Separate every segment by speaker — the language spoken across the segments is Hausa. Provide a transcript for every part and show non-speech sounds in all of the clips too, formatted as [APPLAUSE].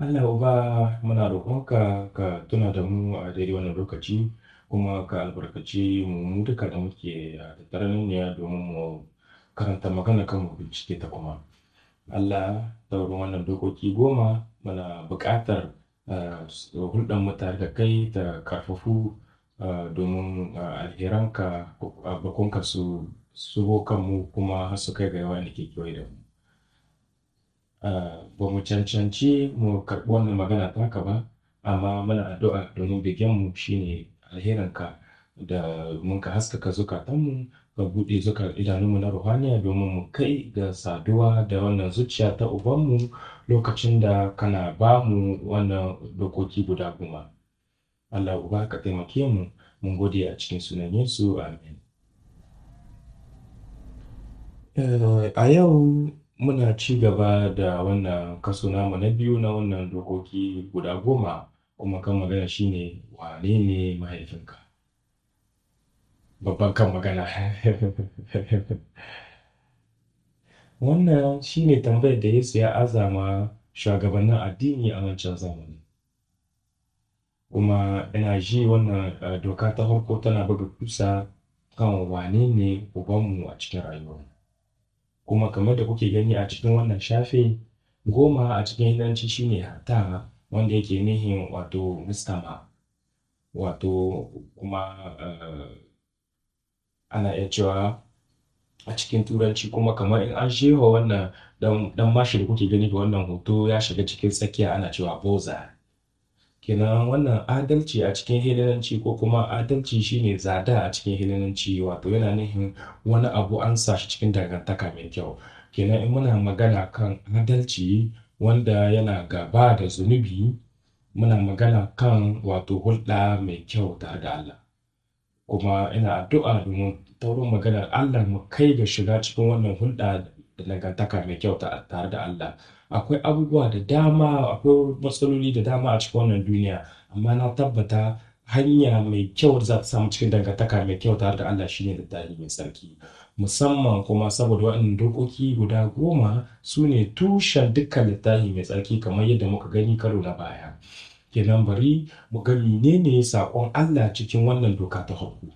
Speaker 1: Allah Uba muna roƙonka ka tuna da mu a daidai wannan lokaci kuma ka albarkaci mu duka da muke a tattare ne domin mu karanta magana kan mu bincike ta kuma. Allah ta wannan dokoki goma muna buƙatar hulɗar mu tare da kai ta karfafu domin alheranka bakonka su su mu kuma har su kai ga yawa da ke kewaye da mu. Eh, ba mu cancanci mu karɓi wannan magana taka ba amma muna addu'a domin ne shine alherinka da mun ka haskaka zukatanmu ka buɗe zukar idanunmu na ruhaniya domin mu kai ga saduwa da wannan zuciya ta ubanmu lokacin da kana ba mu wannan dokoki guda goma Allah uba ka taimake mu mun gode a cikin sunan Yesu amin eh, a yau Muna ci gaba da wannan kaso namu na biyu na wannan dokoki guda goma, kuma kan magana shi ne wane ne mahaifinka? Babban kan magana. [LAUGHS] Wannan shi ne tambayar da Yesu ya aza ma shugabannin addini a wancan zamani. Kuma ina ji wannan eh, doka ta farko tana buga kusa kan wane ne ubanmu a cikin rayuwarmu. kuma kamar da kuke gani a cikin wannan shafe goma a cikin shi shine hata wanda yake nihin wato mustama wato kuma eh, ana iya cewa a cikin turanci kuma kamar in an shewa wannan ɗan mashi da kuke gani da wannan hoto ya shiga cikin tsakiya ana cewa boza Kenan wannan adalci a cikin hilinanci ko kuma adalci shine zada a cikin hilinanci wato yana nufin wani abu an sa shi cikin dangantaka mai kyau. Kenan in muna magana kan adalci wanda yana gaba da zunubi muna magana kan wato hulɗa mai kyau tare da Allah. Kuma ina addu'a domin ta wurin maganar Allah mu kai ga shiga cikin wannan hulɗa dangantaka mai kyau tare da Allah akwai abubuwa da dama akwai matsaloli da dama a cikin wannan duniya amma na tabbata hanya mai kyau da za ta samu cikin dangantaka mai kyau tare da Allah shine littafi mai tsarki. musamman kuma saboda waɗannan dokoki guda goma su ne tushen dukkan littafi mai tsarki kamar yadda muka gani karo na baya kenan bari mu ga menene saƙon Allah cikin wannan doka ta hukku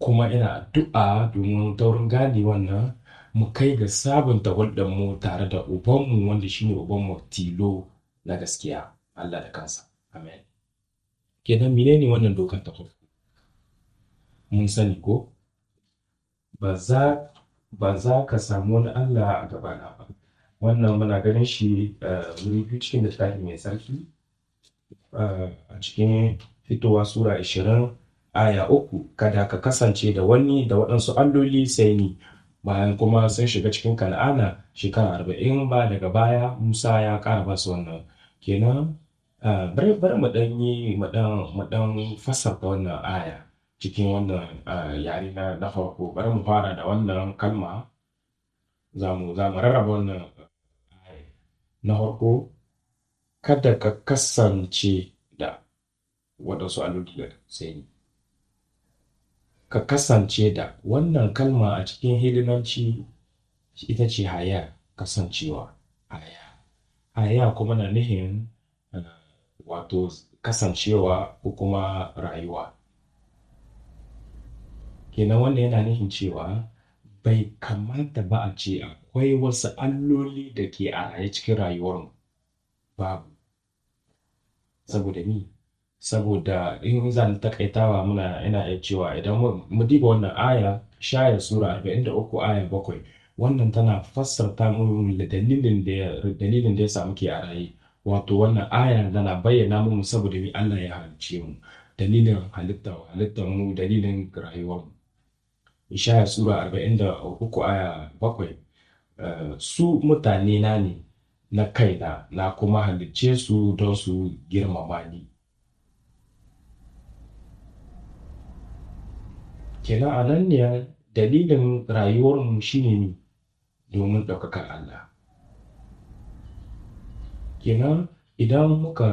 Speaker 1: kuma ina addu'a domin daurin gane wannan mu kai ga sabunta mu tare da ubanmu wanda shine ubanmu tilo na gaskiya Allah da kansa amen kenan ne wannan dokar ta farko mun sani ko ba za ka samu wani Allah a gabana ba wannan muna ganin shi eh, wuri biyu cikin littafi mai sarki eh, a cikin fitowa sura 20 aya uku kada ka kasance da wani da waɗansu alloli sai ni bayan kuma sun shiga cikin kan'ana shekara arba'in ba daga baya musa ya kara ba su wannan kenan bari mu dan yi mu dan fasarta wannan aya cikin wannan yare na farko bari mu fara da wannan kalma za mu rarraba wannan na farko kada ka kasance da waɗansu alloli da sai ka kasance da wannan kalma a cikin hidimanci ita ce haya kasancewa haya haya kuma na nihin eh, wato kasancewa ko kuma rayuwa kenan wanda yana nihin cewa bai kamata ba a ce akwai wasu alloli da ke a raye cikin rayuwar babu saboda ni saboda in zan takaitawa muna ina iya cewa idan mu diba wannan aya shaya sura 43 aya 7 wannan tana fassarta mu dalilin da dalilin da yasa muke a raye wato wannan aya tana bayyana mu saboda mi Allah ya halicce mu dalilin halitta halitta mu dalilin rayuwar mu shaya sura 43 aya 7 eh, su mutane na ne na kaina na kuma halicce su don su girmama ni kenan a nan ne dalilin rayuwarmu shine ne domin ɗaukakar Allah kenan idan muka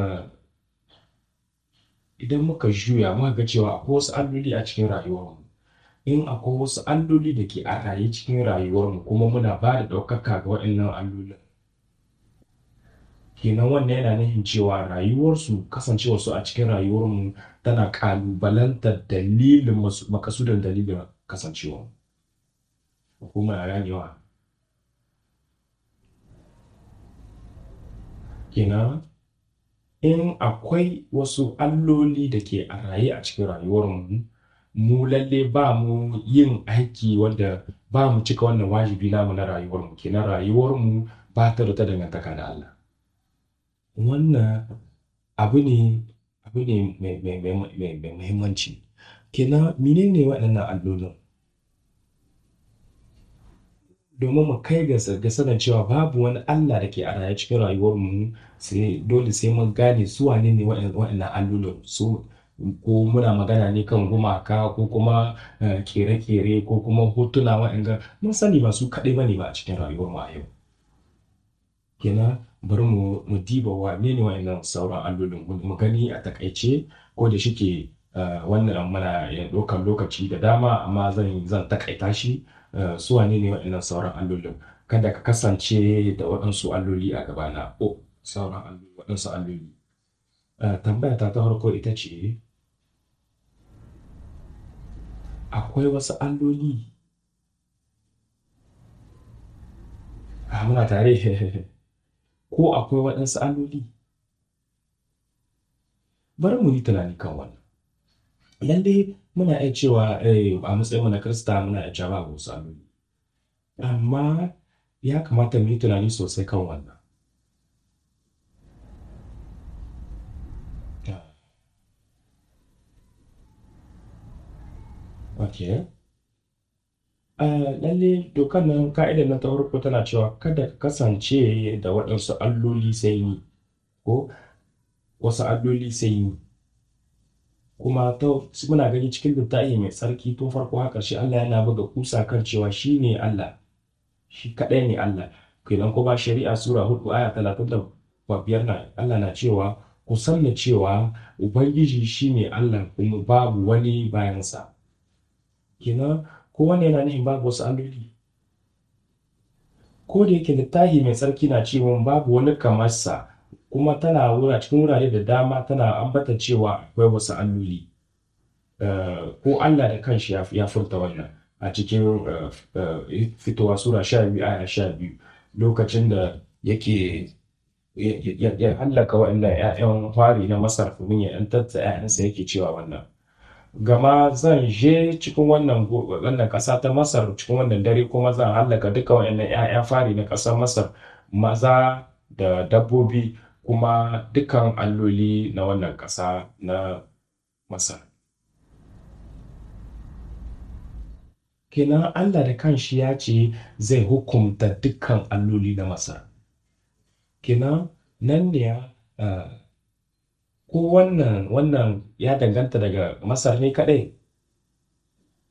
Speaker 1: idan muka juya muka ga cewa akwai wasu alloli a cikin rayuwarmu in akwai wasu alloli da ke a raye cikin rayuwarmu kuma muna ba da ɗaukaka ga waɗannan allolin kenan wannan yana nufin cewa rayuwarsu kasancewarsu a cikin rayuwarmu tana kalubalantar dalilin makasudan dalilin kasancewa hukuma a ganewa kenan in akwai wasu alloli da ke a raye a cikin rayuwarmu mu lalle ba mu yin aiki wanda ba mu cika wannan wajibi namu na rayuwarmu kenan rayuwarmu ba ta da ta dangantaka da Allah Wannan abu ne abu ne mai muhimmanci. Kenan mene ne waɗannan allolin? Domin mu kai ga sanin cewa babu wani Allah da ke a raye cikin rayuwarmu sai dole sai mun gane su wane ne waɗannan allolin su ko muna magana ne kan gumaka ko kuma ƙere-ƙere eh, ko kuma hotuna waɗanda mun sani ba su kaɗai ba ne ba a cikin rayuwarmu a yau. Kenan bari mu mu diba wa ne ne sauran allolin mu gani a takaice ko da shike eh, wannan mana ya eh, dokan lokaci da dama amma zan zan takaita shi eh, su wane ne wa'annan sauran allolin kada ka kasance da waɗansu alloli a gabana o sauran alloli waɗansu alloli tambaya ta ta harko ita ce akwai wasu alloli ah, muna tare [LAUGHS] ko akwai waɗansu alloli bari mu yi tunani kan wannan idan muna iya cewa eh, a mu na kirista muna iya cewa ba wasu alloli amma ya kamata mu yi tunani sosai kan wannan Okay. Eh, lalle dokar nan, ka'ida nan ta farko tana cewa kada ka kasance da waɗansu alloli sai ni, ko wasu alloli sai ni. Kuma ta muna gani cikin littafi mai tsarki tun farko haka shi Allah yana buga kusa kan cewa shi ne Allah, shi kaɗai ne Allah. Kenan kuma shari'a Sura hudu aya talatin da biyar na Allah na cewa ku sanna cewa Ubangiji shi ne Allah kuma babu wani bayansa. Kenan ko wanda yana nufin babu wasu alloli ko da yake littafi mai tsarki na cewa babu wani kamarsa kuma tana wura cikin wurare da dama tana ambata cewa akwai wasu alloli eh, ko Allah da kanshi ya furta wannan a cikin eh, eh, fitowa sura sha biyu aya sha biyu lokacin da yake ya hallaka waɗannan 'ya'yan fari na masar kuma ya 'yan da 'ya'yansa yake cewa wannan gama zan je cikin wannan wannan ƙasa ta masar cikin wannan dare kuma zan hallaka duka wannan ya'ya fari na kasar masar maza da dabbobi kuma dukan alloli na wannan kasa na masar kenan allah da shi ya ce zai hukumta dukkan alloli na masar kenan nan ne uh, ko wannan wannan ya danganta daga Masar ne kaɗai?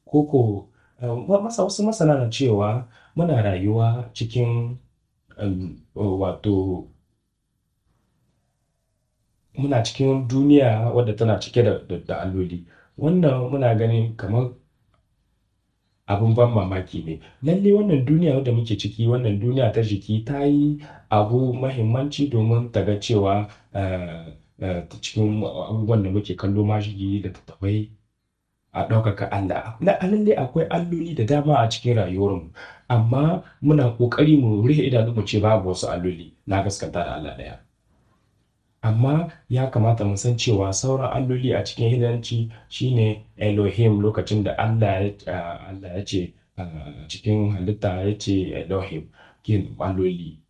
Speaker 1: Ko ko eh, wasu masana na cewa muna rayuwa cikin um, wato muna cikin duniya wadda tana cike da, alloli wannan muna ganin kamar abin ban mamaki ne Lallai wannan duniya da muke ciki wannan duniya ta jiki ta yi abu mahimmanci domin ta ga cewa uh, Eh, ta cikin abubuwan da muke kallo mashigi da tattabai a ɗaukaka Allah. Na lalle akwai alloli da dama a cikin rayuwarmu, amma muna ƙoƙari mu rufe idanu mu ce babu wasu alloli na gaskanta da Allah ɗaya. Amma ya kamata mu san cewa sauran alloli a cikin hidanci shine Elohim lokacin da Allah ya eh, ce eh, cikin halitta ya ce Elohim, kin alloli.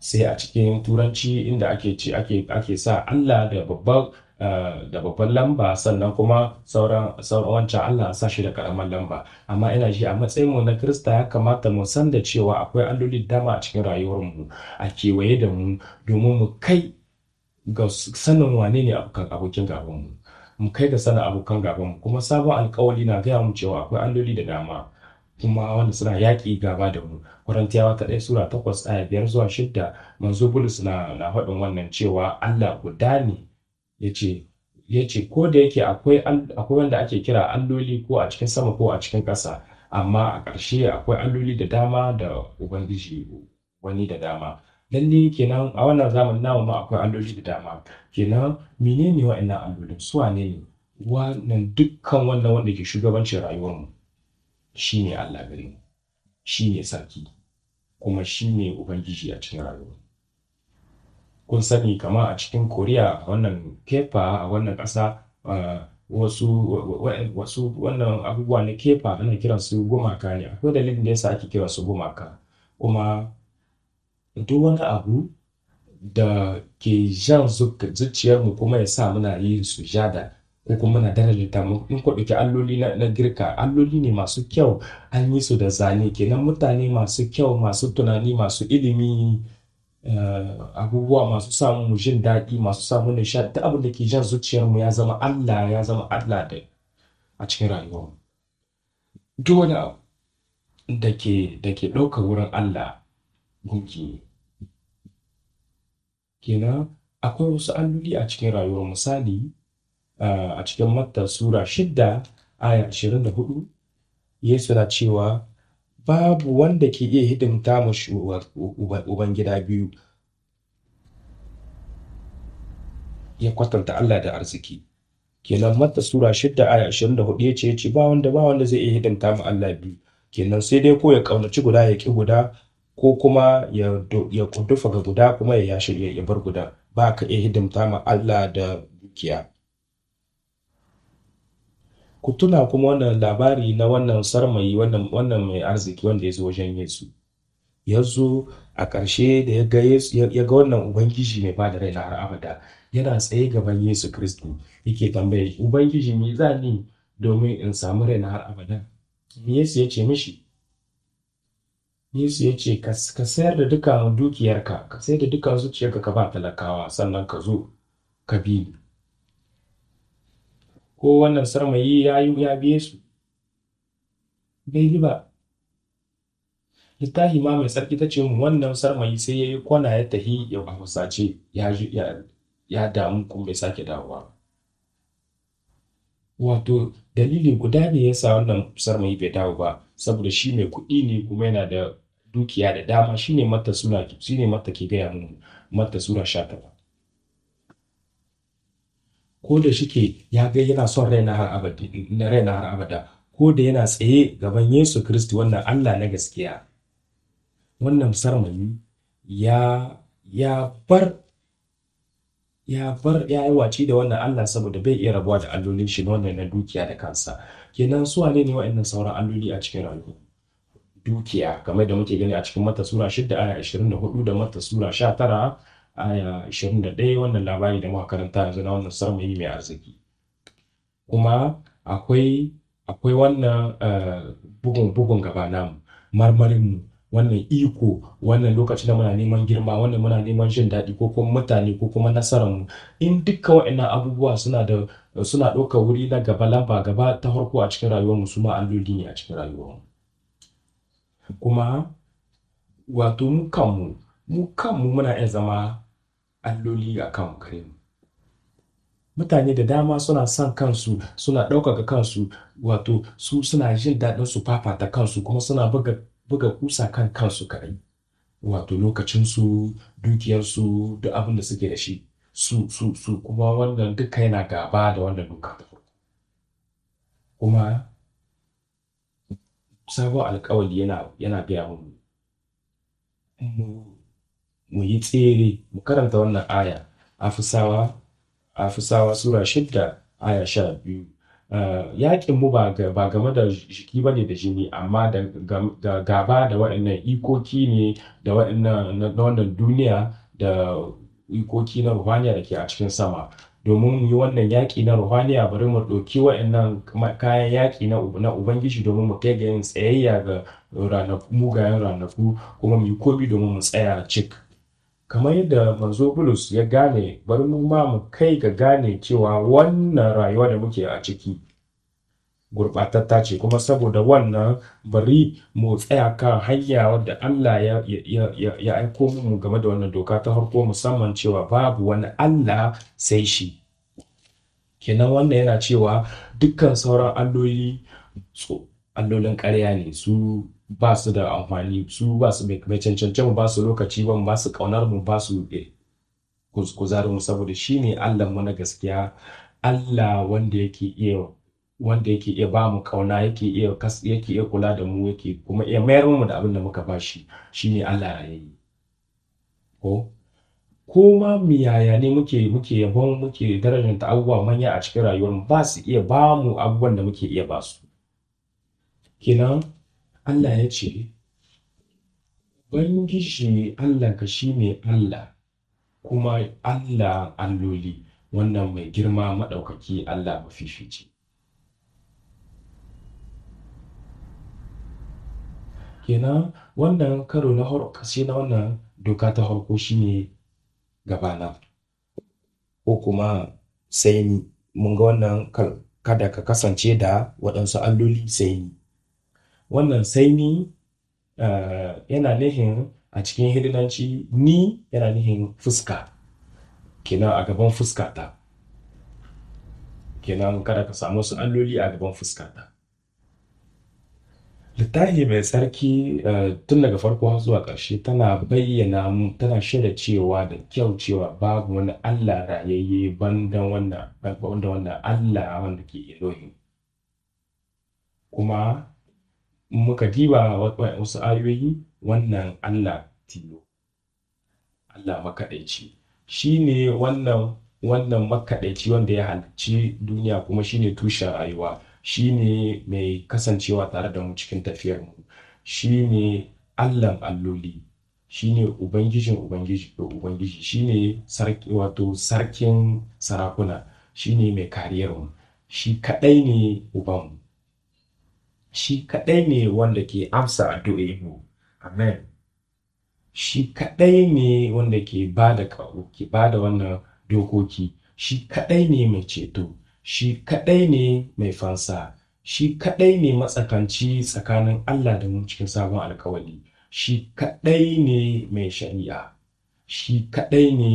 Speaker 1: sai a cikin turanci inda ake ci ake sa Allah da babban eh, da babban lamba sannan kuma sauran sauran wancan Allah sa shi da karamar lamba amma ina shi a matsayin mu na Kirista ya kamata mu san da cewa akwai alloli dama a cikin rayuwar mu a kewaye da mu domin mu kai ga sanin wane ne abokin gaban mu mu kai ga sanin abokan gaban mu kuma sabon alkawali na gaya mu cewa akwai alloli da dama kuma wanda suna yaƙi gaba da mu Korintiyawa ta ɗaya sura takwas aya biyar zuwa shidda manzo Bulus na na faɗin wannan cewa Allah guda ne yace yace ko da yake akwai akwai wanda ake kira alloli ko a cikin sama ko a cikin ƙasa amma a ƙarshe akwai alloli da dama da ubangiji wani da dama lalle kenan a wannan zamanin namu ma akwai alloli da dama kenan menene wa'annan allolin su wane ne wannan dukkan wannan wanda ke shugabancin rayuwarmu shi ne Allah gare shi ne sarki kuma shi ne ubangiji a cikin rayuwa kun sani kama a cikin koriya a wannan kefa a wannan ƙasa wasu wannan abubuwa na kefa ana kiran su gumaka ne akwai dalilin da yasa ake kiran su gumaka kuma duk wani abu da ke jan zuciyarmu kuma ya sa muna yin sujada ko kuma muna daraja mu in ku ɗauki alloli na girka alloli ne masu kyau an yi su da zane kenan mutane masu kyau masu tunani masu ilimi eh, abubuwa masu samun jin daɗi masu samun nishaɗi ta abin da ke jan zuciyarmu ya zama Allah ya zama Allah da a cikin rayuwa duk wani da ke da ke ɗaukar wurin Allah gunki kenan akwai wasu alloli a cikin rayuwar misali Eh, a cikin Matta Sura shidda aya ashirin da hudu Yesu na cewa babu wanda ke iya hidimta mu Ubangida biyu ya kwatanta Allah da arziki kenan Matta Sura shidda aya ashirin da hudu ya ce ce ba wanda ba wanda zai iya hidimta mu Allah biyu kenan sai dai ko ya kaunaci guda ya ki guda ko kuma ya kudufa ga guda kuma ya yashi ya bar guda ba ka iya hidimta mu Allah da dukiya ku tuna kuma wannan labari na wannan sarmayi wannan mai arziki wanda ya zo wajen Yesu ya zo a ƙarshe da ya ga wannan ubangiji mai ba da rai na har abada yana tsaye gaban Yesu Kiristi yake tambaye ubangiji me za domin in samu rai na har abada Yesu ya ce mishi Yesu ya ce ka sayar da duka dukiyarka ka sayar da duka zuciyarka ka ba talakawa sannan ka zo ka bi ni? ko wannan sarmayi ya yi ya biye su bai yi ba littafi ma mai tsarki ta ce mu wannan sarmayi sai ya yi kwana ya tahi ya hausace ya damu kuma bai sake dawowa wato dalili guda ne ya sa wannan sarmayi bai dawo ba saboda shi mai kuɗi ne kuma yana da dukiya da dama shine mata suna ne mata ke gaya mun mata sura sha tara ko da shike ya ga yana son na har abada na har abada ko da yana tsaye gaban Yesu Kiristi wannan Allah na gaskiya wannan sarmani ya ya bar ya bar ya yi waci da wannan Allah saboda bai iya rabuwa da allolin shi wannan na dukiya da kansa kenan su wane ne wa'annan sauran alloli a cikin rayuwa dukiya kamar da muke gani a cikin mata sura 6 aya 24 da mata sura 19 aya 21 wannan labari da muka karanta yanzu na wannan sarmayi mai arziki kuma akwai akwai wannan eh, bugun bugun gaba namu marmarin mu wannan iko wannan lokacin da muna neman girma wannan muna neman jin daɗi ko kuma mutane ko kuma mu in dukkan waɗannan abubuwa suna da suna ɗaukar wuri na gaba lamba gaba ta farko a cikin rayuwarmu su ma alloli ne a cikin rayuwarmu kuma wato mu kanmu mu kanmu muna iya zama alloli a kan mu Mutane da dama suna son kansu suna ɗaukaka kansu wato su suna jin daɗin su fafata kansu kuma suna buga, buga kusa kan kansu kaɗai. Wato lokacinsu, dukiyarsu, duk abin da suke da shi. Su, su, su kuma wannan duka yana gaba da wannan duka Kuma sabon alkawali yana, yana biya mu mm-hmm. mu yi tsere mu karanta wannan aya afisawa afisawa sura shidda aya sha biyu eh, yakin mu ba game da jiki ba ne da jini amma da gaba da waɗannan ikoki ne da waɗannan duniya da ikoki na ruhaniya da ke a cikin sama domin yi wannan yaƙi na ruhaniya bari mu ɗauki waɗannan kayan yaƙi na ubangiji domin mu kai ga yin tsayayya ga mugayen ranaku kuma mu yi kobi domin mu tsaya cik kamar yadda manzo bulus ya gane bari mu ma mu kai ga gane cewa wannan rayuwa da muke a ciki gurɓatatta ce kuma saboda wannan bari mu tsaya kan hanya wadda Allah ya, aiko mu game da wannan doka ta harko musamman cewa babu wani Allah sai shi kenan wannan yana cewa dukkan sauran alloli allolin ƙarya ne su ba su da amfani su ba su mai cancance mu ba su lokaci ba mu ba su kaunar mu ba su eh, kuzarin mu saboda shi ne Allah mu gaskiya Allah wanda yake iya wanda yake ba mu kauna yake iya kula da mu yake kuma iya mayar mu da abin da muka ba shi ne Allah ya yi ko ko ma mu yaya ne muke muke yabon muke darajanta abubuwa manya a cikin rayuwar mu ba su iya ba mu abubuwan da muke iya ba su kenan Allah ya ce, bangishi Allahnka shi ne Allah, kuma Allah alloli, wannan mai girma maɗaukaki Allah mafifici. Kenan wannan karo na sai na wannan doka ta harko shi ne gabana, ko kuma sai mun ga wannan kada ka kasance da waɗansu alloli sai ni. wannan sai eh, yana nufin a cikin hidilanci ni yana nufin fuska kenan a gaban fuska ta kenan kada ka samu su alloli a gaban fuska ta littafi mai tsarki eh, tun daga farko zuwa ƙarshe tana bayyana mu tana shaida cewa da kyau cewa babu wani allah rayayye bandan wannan wannan allah wanda ke elohim kuma muka diba wasu ayoyi wannan Allah tilo Allah makaɗaici shi ne wannan wannan makaɗaici wanda ya halarci duniya kuma shi ne tushen rayuwa shi ne mai kasancewa tare da mu cikin tafiyar mu shi ne Allahn alloli shi ne ubangijin ubangiji ubangiji shi ne wato sarkin sarakuna shi ne mai kariyar mu shi kaɗai ne ubanmu shi kaɗai ne wanda ke amsa addu'o'inmu amen shi kaɗai ne wanda ke ba da ke ba da wannan dokoki shi kaɗai ne mai ceto shi kaɗai ne mai fansa shi kaɗai ne matsakanci tsakanin Allah da mu cikin sabon alkawali shi kaɗai ne mai shari'a shi kaɗai ne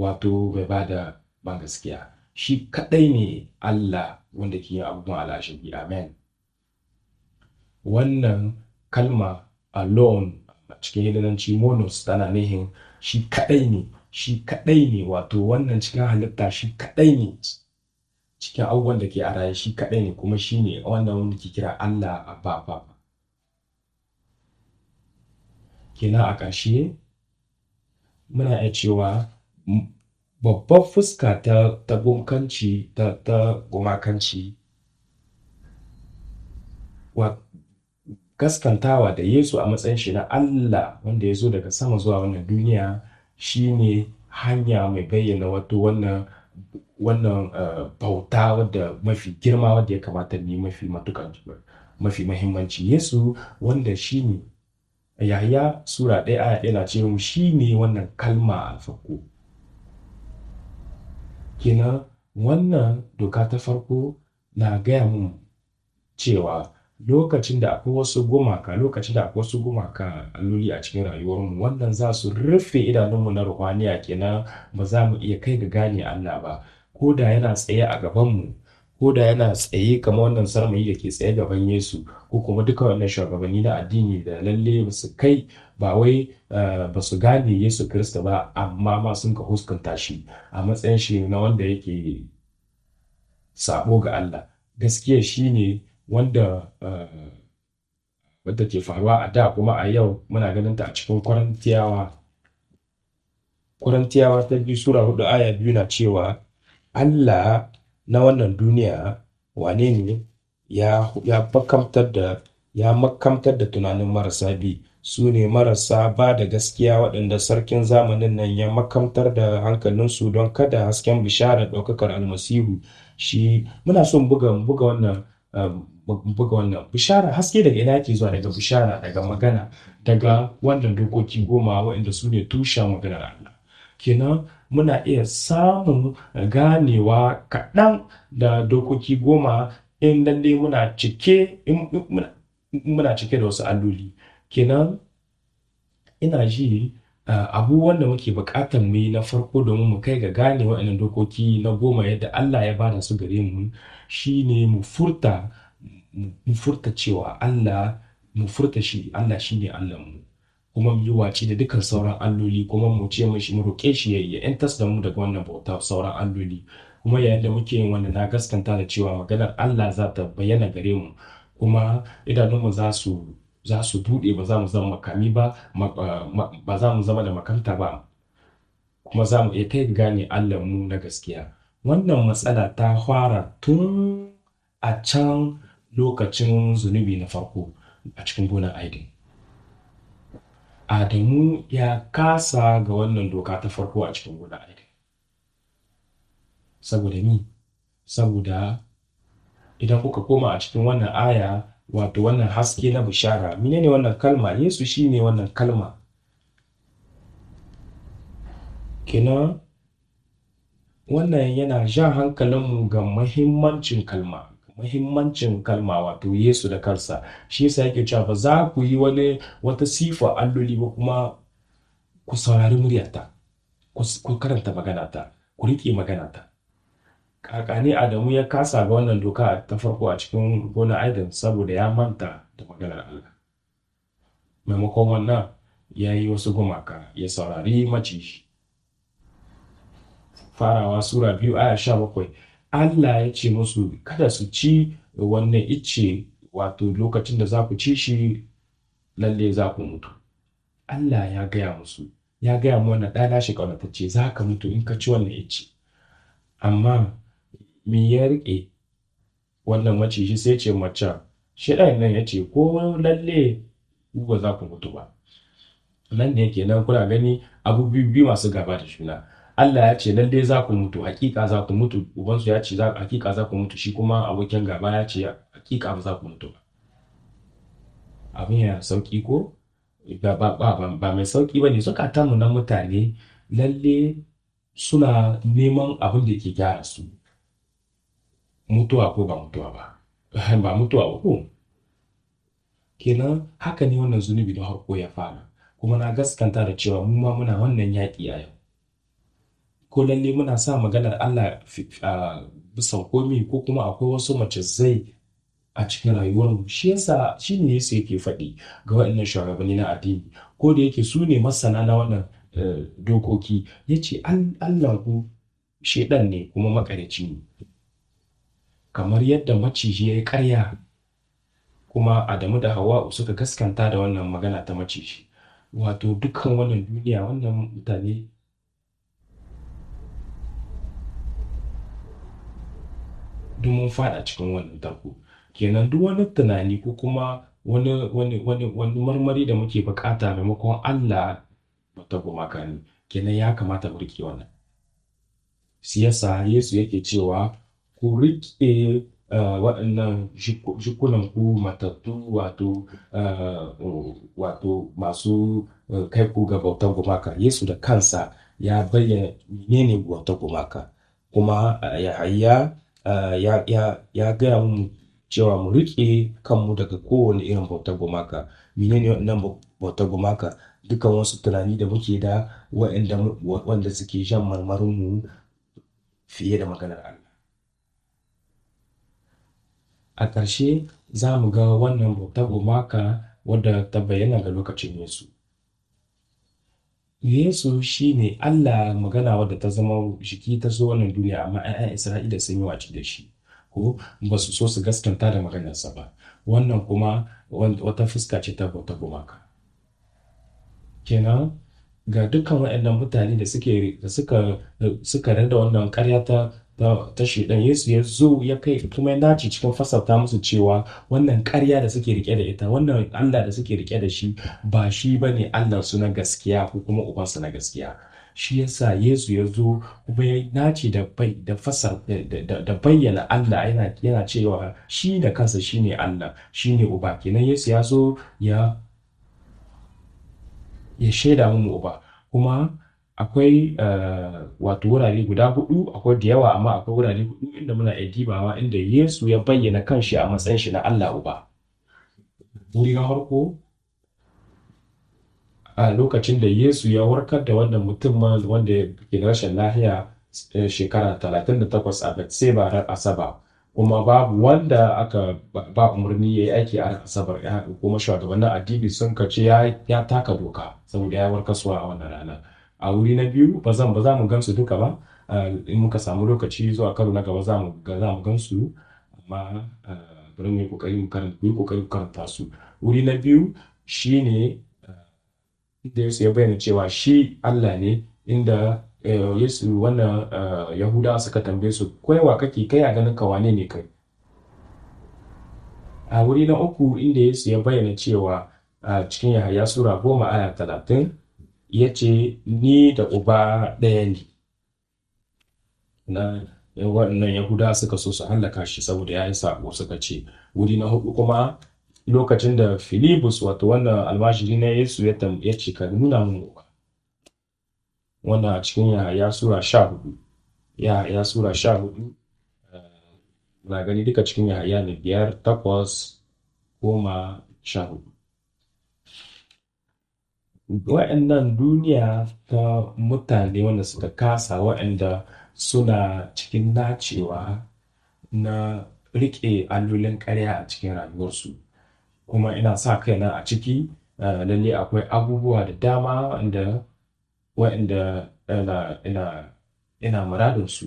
Speaker 1: wato bai ba da ban gaskiya shi kaɗai ne Allah wanda ke yin abubuwan alashabi amen wannan kalma alone cikin hidananci monos tana nihin shi kaɗai ne shi kaɗai ne wato wannan cikin halitta shi kaɗai ne cikin abubuwan da ke a raye shi kaɗai ne kuma shi ne wannan wanda ke kira Allah a Kina kenan a ƙarshe muna iya cewa babbar fuska ta ta gumakanci ta gumakanci gaskantawa da Yesu a matsayin shi na Allah wanda ya zo daga sama zuwa wannan duniya shine hanya mai bayyana wato wannan wannan eh, bauta wadda mafi girma wadda ya kamata ne mafi matukan mafi mahimmanci Yesu wanda shine yaya sura ɗaya aya ɗaya na ce mu shine wannan kalma a farko kenan wannan doka ta farko na gaya mu cewa lokacin da akwai wasu gumaka lokacin da akwai wasu gumaka alloli a cikin rayuwar mu, wannan za su rufe idanunmu na ruhaniya kenan ba za mu iya kai ga gane Allah ba ko da yana tsaye a gabanmu ko da yana tsaye kamar wannan sarmayi da ke tsaye gaban Yesu ko kuma duka wannan shugabanni na addini da lalle ba su kai ba wai eh, ba su gane Yesu Kirista ba amma ma sun ka huskanta shi a matsayin shi na wanda yake sabo ga Allah gaskiya shine wanda eh, wadda ke faruwa a da kuma a yau muna ganin ta a cikin Korintiyawa Korintiyawa ta biyu Sura hudu aya biyu na cewa Allah na wannan duniya wane ne ya makamtar da ya makamtar da tunanin marasa bi su ne marasa ba da gaskiya waɗanda sarkin zamanin nan ya makamtar da hankalinsu don kada hasken bishara ɗaukakar almasihu shi muna son buga buga wannan buga wannan bishara haske daga ina yake zuwa daga bishara daga magana daga wannan dokoki goma waɗanda su ne tushen maganar Allah kenan muna iya samun ganewa kaɗan da dokoki goma in lalle muna cike muna cike da wasu alloli kenan ina ji Eh, Abu wanda muke bukatar mu na farko domin mu kai ga gane wa'annan dokoki na goma yadda Allah ya bada su gare mu shine mu mu furta cewa Allah mu furta shi Allah shine Allah mu kuma mu yi wace da dukkan sauran alloli kuma mu ce mishi mu roƙe shi ya yantas da mu daga wannan bauta sauran alloli kuma yayin da muke yin wannan na gaskanta da cewa maganar Allah za ta bayyana gare mu kuma idanunmu za su za su bude ba za mu zama makami ba ba za mu zama da makanta ba kuma za mu iya kai gane Allah mu na gaskiya wannan matsala ta fara tun a can lokacin zunubi na farko a cikin gonar aidin adamu ya kasa ga wannan doka ta farko a cikin gonar aidin saboda ni saboda idan kuka koma a cikin wannan aya wato wannan haske na bishara menene wannan kalma yesu shine wannan kalma kenan wannan yana jan hankalinmu ga mahimmancin kalma mahimmancin kalma wato yesu da kansa shi yasa yake cewa ba za ku yi wani wata sifa alloli ba kuma ku saurari muryata ku karanta ta ku riƙe maganata Kakani Adamu ya kasa ga wannan doka ta farko a cikin gona Aidan saboda ya manta da maganar Allah. Maimakon wannan ya yi wasu gumaka ya saurari maciji. Farawa Sura biyu aya sha bakwai Allah ya ce musu kada su ci wannan icce wato lokacin da za ku ci shi lalle za ku mutu. Allah ya gaya musu ya gaya mu wannan ɗaya shi ƙaunatacce za ka mutu in ka ci wannan icce. Amma me ya riƙe wannan maciji sai ce macen shi ɗayan nan ya ce ko lalle ba za ku mutu ba nan ne nan kuna gani abu biyu masu gaba da juna Allah ya ce lalle za ku mutu hakika za ku mutu ubansu ya ce hakika za ku mutu shi kuma abokin gaba ya ce hakika ba za ku mutu ba abin ya sauki ko ba mai sauki ba ne suka tanu na mutane lalle suna neman abin da ke gyara su mutuwa ko ba mutuwa ba ba mutuwa ba ko kenan haka ne wannan zunubi da harko ya fara kuma na gaskanta da cewa mu ma muna wannan yaƙi a yau ko lalle muna sa maganar Allah a bisa komi ko kuma akwai wasu mace zai a cikin rayuwarmu shi yasa shi ne yasa yake faɗi ga waɗannan shugabanni na addini ko da yake su ne masana na wannan e, dokoki yace ce Allah ku shaidan ne kuma makarici ne kamar yadda maciji ya yi ƙarya kuma Adamu da Hawwa'u suka gaskanta da wannan magana ta maciji wato dukkan wannan duniya wannan mutane duk mun faɗa cikin wannan tarko kenan duk wani tunani ko kuma wani wani marmari da muke bukata maimakon Allah ta gumaka ne kenan ya kamata mu rike wannan siyasa Yesu yake cewa E, uh, ku riƙe waɗannan jikunan ku matattu wato uh, wato masu uh, kai ku ga bautan gumaka Yesu da kansa ya bayyana menene bautan gumaka kuma Yahaya ya gaya mu cewa mu riƙe kanmu daga kowane irin bautan gumaka menene waɗannan bautan gumaka dukkan wasu tunani da muke da waɗanda suke jan marmarinmu fiye da maganar Allah A ƙarshe za mu ga wannan bautar gumaka wadda ta bayyana ga lokacin Yesu. Yesu shi ne Allah magana wadda ta zama jiki ta zo wannan duniya amma 'ya'yan Isra'ila sun yi wace da shi. Ko ba su so su gaskanta da maganarsa ba. Wannan kuma wata fuska ce ta bauta gumaka. Kenan ga dukkan waɗannan mutane da da suka suka wannan ƙarya ta ta shaidan Yesu ya zo ya kai kuma ya nace cikin fasalta musu cewa wannan karya da suke rike da ita wannan Allah da suke rike da shi ba shi bane Allah su na gaskiya ko kuma ubansu na gaskiya shi yasa Yesu ya zo kuma ya nace da da fasa da bayyana Allah yana yana cewa shi da kansa shine Allah shine uba kenan Yesu ya zo ya ya shaida mu uba kuma akwai eh, wato wurare guda hudu akwai da yawa amma akwai wurare hudu inda muna iya dibawa inda Yesu ya bayyana kanshi a matsayin shi na Allah uba wuri na farko a lokacin da Yesu ya warkar da wannan mutum wanda ya ke rashin lahiya eh, shekara 38 a Betseba ran Asaba kuma babu wanda aka ba umarni ya yi aiki a Asabar ya kuma shugabannin addini sun kace ya taka doka saboda ya warkaswa a wannan rana a wuri na biyu ba za mu gansu duka ba in muka samu lokaci zuwa karo na gaba za mu za mu gansu amma bari mu yi kokari mu karanta yi kokari mu karanta su wuri na biyu shine inda Yesu ya bayyana cewa shi Allah ne inda eh, Yesu wannan yahuda suka tambaye su koyawa kake kai a ganin ka wane ne kai a wuri na uku inda Yesu ya bayyana cewa a cikin Yahaya Sura goma aya talatin ya ce ni da uba ɗaya ne na waɗannan yahuda suka so su hallaka shi saboda ya yi sabo suka ce wuri na hudu kuma lokacin da filibus wato wannan almashiri na yesu ya ce ka nuna mun uba wannan a cikin ya sura sha hudu ya sura sha hudu eh, na gani duka cikin yahaya ne biyar takwas goma sha hudu waɗannan duniya ta mutane wanda suka kasa waɗanda suna cikin nacewa na riƙe allolin ƙarya a cikin rayuwarsu kuma ina sa kaina a ciki eh, lalle akwai abubuwa da dama wa'anda wa'anda ina su.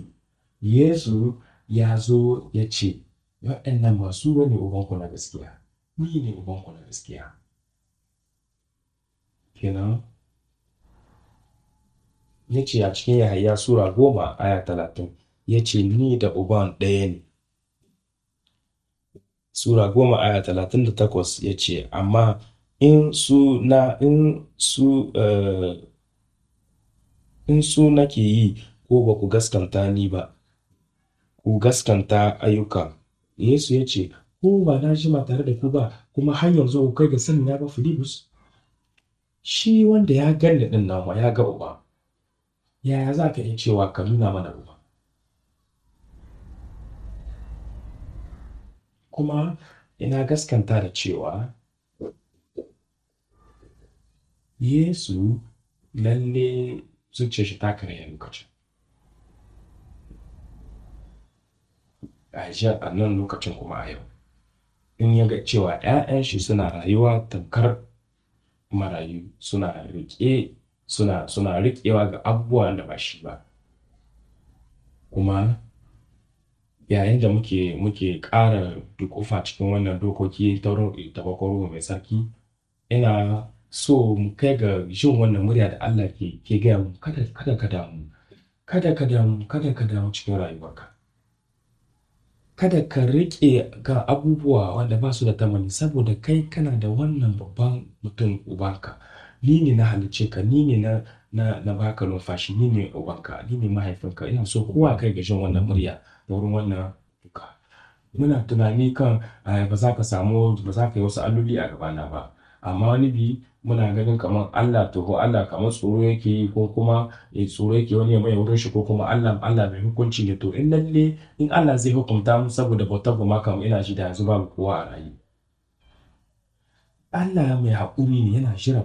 Speaker 1: Yesu ya zo ya ce wa'annan masu ne ubanku na gaskiya ni ne ubanku na gaskiya kenan ya ce a cikin yahaya sura goma aya talatin ya ce ni da uban ɗaya ne sura goma aya talatin da takwas ya ce amma in su na in su eh, in su nake yi ko ba ku gaskanta ni ba ku gaskanta ayyuka yesu ya ce ko ba na jima tare da ku ba kuma har yanzu ku kai ga sanin na ba filibus shi wanda ya ganni ɗin nama ya ga uba yaya za ka iya cewa ka nuna mana uba kuma ina gaskanta da cewa yesu lalle zuciyar shi ta karya lokacin a a nan lokacin kuma a yau in ya ga cewa 'ya'yan shi suna rayuwa tamkar marayu suna riƙe suna suna riƙewa ga abubuwan da ba shi ba kuma yayin da muke muke ƙara dukufa cikin wannan dokoki ta tabakwaro mai sarki ina so mu kai ga jin wannan murya da Allah ke ke gaya mu kada kada ka damu kada ka damu kada ka damu cikin rayuwarka kada ka rike ga abubuwa wanda ba su da tamani saboda kai kana da wannan babban mutum ubanka ni ne na halice ka ni ne na na na baka numfashi ni ne ubanka ni ne mahaifinka ina so kowa kai ga jin wannan murya da wurin wannan duka muna tunani kan ba za ka samu ba za ka yi wasu alloli a gabana ba amma wani bi muna ganin kamar Allah to ko Allah kamar tsoro yake yi ko kuma eh, tsoro yake wani ya mai wurin shi ko kuma Allah Allah mai hukunci ne to in lalle in Allah zai hukunta mu saboda bautar ba kam ina shi da yanzu babu kowa a rayu Allah mai haƙuri ne yana jira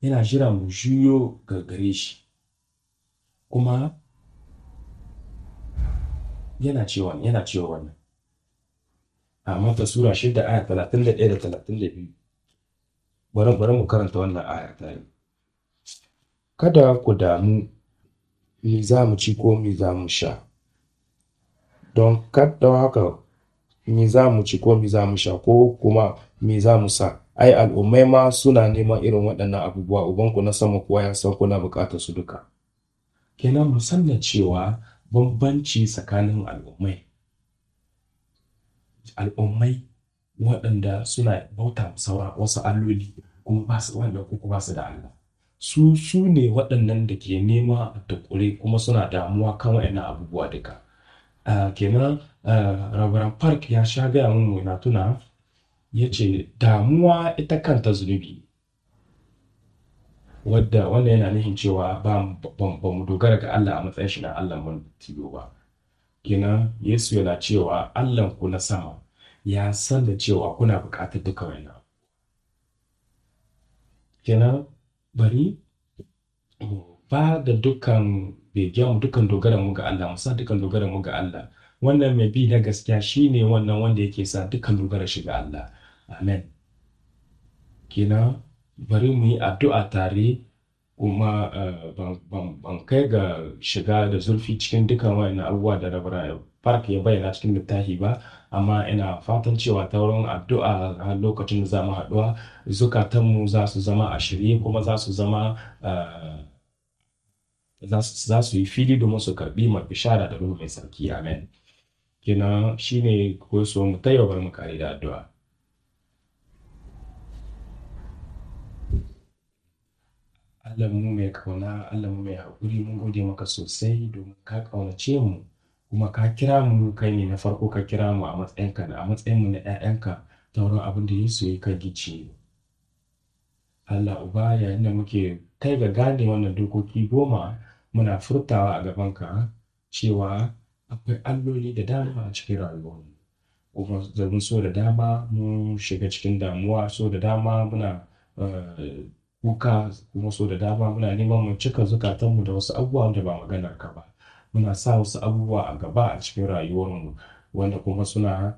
Speaker 1: yana jira mu juyo ga gare shi kuma yana cewa yana cewa wannan amma ta sura 6 ayat 31 da 32 bari bari mu karanta wannan aya yi kada ku damu me za mu ci ko me za mu sha don kada haka me za mu ci ko me za mu sha ko kuma me za mu sa ai al'ummai ma suna neman irin waɗannan abubuwa ubanku na sama kuwa ya san kuna buƙatar su duka kenan mu sanna cewa bambanci tsakanin al'ummai al'ummai waɗanda suna bauta sauran wasu alloli kuma ba su wanda kuma ba su da Allah su su ne waɗannan da ke nema a tukure kuma suna damuwa kan ina abubuwa duka kenan rabaran park ya sha gaya mun na tuna ya ce damuwa ita kanta zunubi wadda wannan yana nufin cewa ba mu dogara ga Allah a matsayin shi na Allah mun tiyo ba kenan Yesu yana cewa Allah ku na sama ya san da cewa kuna buƙatar duka wannan kenan bari ba da dukkan mu dukkan mu ga Allah musa sa dukkan mu ga Allah wannan mai bi na gaskiya shine wannan wanda yake sa dukkan dogaran shi ga Allah amen kenan bari mu yi addu'a tare kuma eh, ban kai ga shiga da zurfi cikin dukkan wayannan abubuwa da rabar fark ya bayyana cikin littafi ba amma ina fatan cewa ta wurin addu'a a lokacin da za mu haɗuwa zukatanmu za su zama a shirye kuma za su zama eh, za su yi fili domin su karbi mafi bishara da ruhu mai sarki amen kina shine ko so mu bar mu kare da addu'a Allah mu mai kauna, Allah mu mai haƙuri, mun gode maka sosai domin ka ƙaunace mu. kuma ka kira mu kai ne na farko ka kira mu a matsayinka da a matsayin mu na 'ya'yanka ta wurin abin da Yesu ya ka gici Allah uba yayin da muke kai ga gane wannan dokoki goma muna furtawa a gaban ka cewa akwai alloli da dama a cikin rayuwa kuma zamin so da dama mun shiga cikin damuwa so da dama muna eh, kuka kuma so da dama muna neman mu cika zukatanmu da wasu abubuwan da ba maganar ka ba muna sa wasu abubuwa a gaba a cikin rayuwarmu wanda kuma suna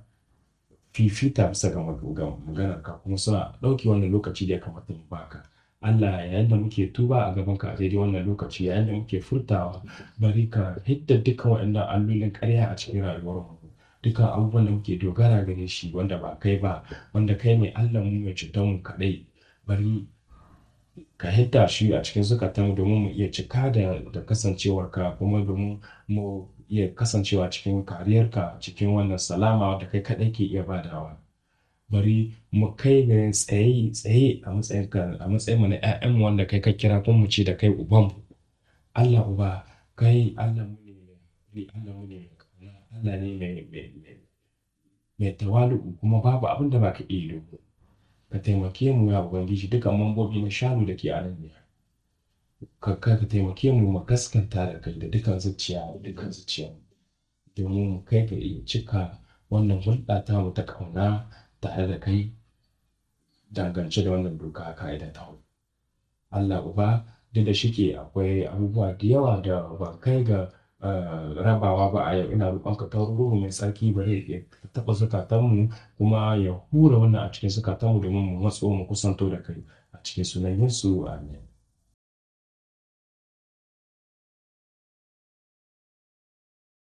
Speaker 1: fifita bisa ga ka kuma suna ɗauke wannan lokaci da ya kamata mu baka Allah yayin da muke tuba a gaban ka a daidai wannan lokaci yayin da muke furtawa bari ka hidda dukkan waɗannan allolin ƙarya a cikin rayuwar mu, duka abubuwan da muke dogara gare shi wanda ba kai ba wanda kai mai Allah mu mai cutar mu kaɗai bari ka hinta shi a cikin zukatan domin mu iya cika da da kasancewarka kuma domin mu iya kasancewa cikin kariyarka cikin wannan salama da kai kaɗai ke iya badawa bari mu kai ga tsaye tsaye a matsayin a matsayin mu na ƴaƴan wanda kai ka kira kuma mu ce da kai uban Allah uba kai Allah mu ne Allah mu ne Allah ne mai mai mai tawalu kuma babu abin da baka iya yi ka taimake mu ya ubangiji duka mambobi na shanu da ke a nan ne ka ka taimake mu mu gaskanta da kai da dukan zuciya da dukan zuciya domin mu kai ka iya cika wannan hulɗa ta mu ta kauna tare da kai dangance da wannan doka ka'ida ta hudu Allah uba duk da shike akwai abubuwa da yawa da ban kai ga Eh, rabawa ba a yau ina ka ta ruhu mai tsarki bari ya taɓa zukatanmu kuma ya hura wannan a cikin zukatanmu domin mu matso mu kusanto da kai a cikin sunan Yesu amin